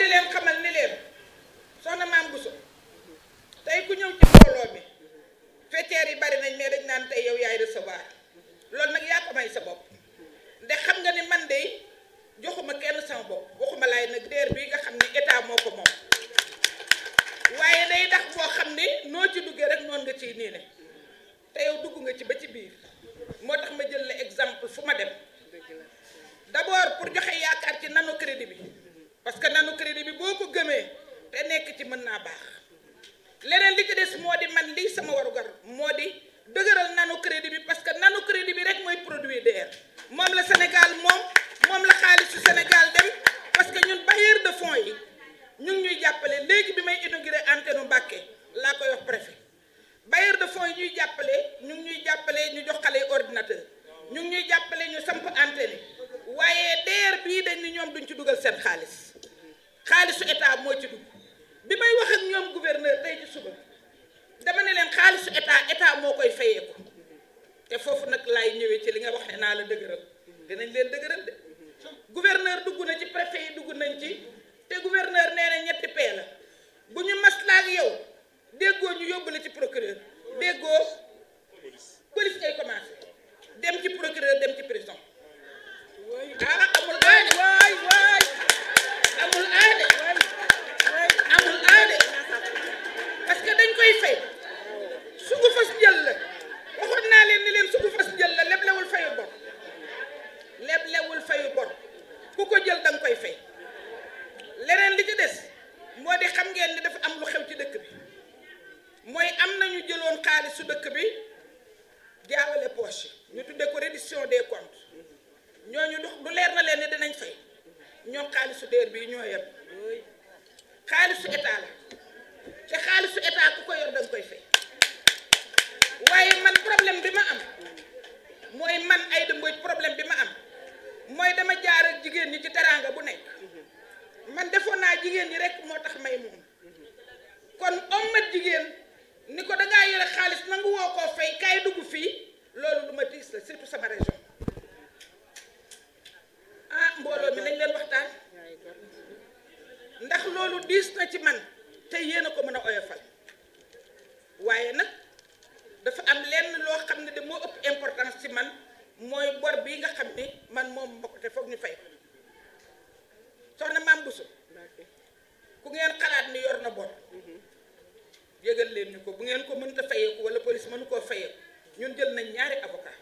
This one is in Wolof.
di leen xamal ni leen soxna tey ku ñëw ci yi bari nañ mais dañ naan tey yow yaay recevoir loolu nag yaa ko may sa bopp de xam nga ni man de joxuma kenn sama bopp waxuma laay nag DER bii nga xam ne état moo ko moom waaye day tax koo xam ni noo ci duggee rek noonu nga ciy nii te yow dugg nga ci ba ci biir metti mën naa baax leneen li ko des moo di man lii sama warugar moo di dëgëral nanu crédit bi parce que nano crédit bi rek mooy produit DER moom la Sénégal moom moom la xaalisu Sénégal dem parce que ñun bailleur de fonds yi ñu ñuy jàppale léegi bi may inauguré antenne Mbàkke laa koy wax préfet bailleur de fonds yi ñuy jàppale ñu ngi ñuy jàppale ñu jox ordinateur ñu ngi ñuy jàppale ñu samp antenne waaye DER bii dañ ni ñoom duñ ci dugal seen xaalis xaalisu état moo ci dugg bi may wax ak ñoom gouverneur tey ci suba dama ne leen xaalisu état état moo koy fayeeku te foofu nag laay ñëwee ci li nga wax ne naa la dëgëral danañ leen dëgëral de gouverneur dugg na ci préfet yi dugg nañ ci te gouverneur nee na ñetti pee la suufu fas jël la leblewul fayu bor leblewul fayu bor ku ko jël da koy fay leneen li ci des moo di xam ngeen ni dafa am lu xew ci dëkk bi mooy am na ñu jëloon xaalisu dëkk bi jaawale poche ñu tuddee ko reddition des comptes ñooñu du leer na leen ne dinañ fay ñoom xaalisu DER bi ñoo yem xaalisu état la mais man Aïda Mbodj problème bima am moy dama jaar ak jigen ni ci teranga bu nek man defoon naa jigéen ñi rek motax may mom kon ommat jigen ni ko dangaa yele xaalis nang wo ko fay kay dugg fi lolou duma tiss la surtout sama région ah mbolo mi nañ len waxtan ndax lolou diss na ci man te yena ko meuna a oyofal waye nak dafa am len lo xamne de mo upp importance ci man mooy bor bii nga xam ni man moom mbokk te foog ñu fay soxna maam Bousso ku ngeen xalaat ni yor na bor yëgal leen ni ko bu ngeen ko mënta fayeeku wala police mënu koo fayeeku ñun jël nañ ñaari avocat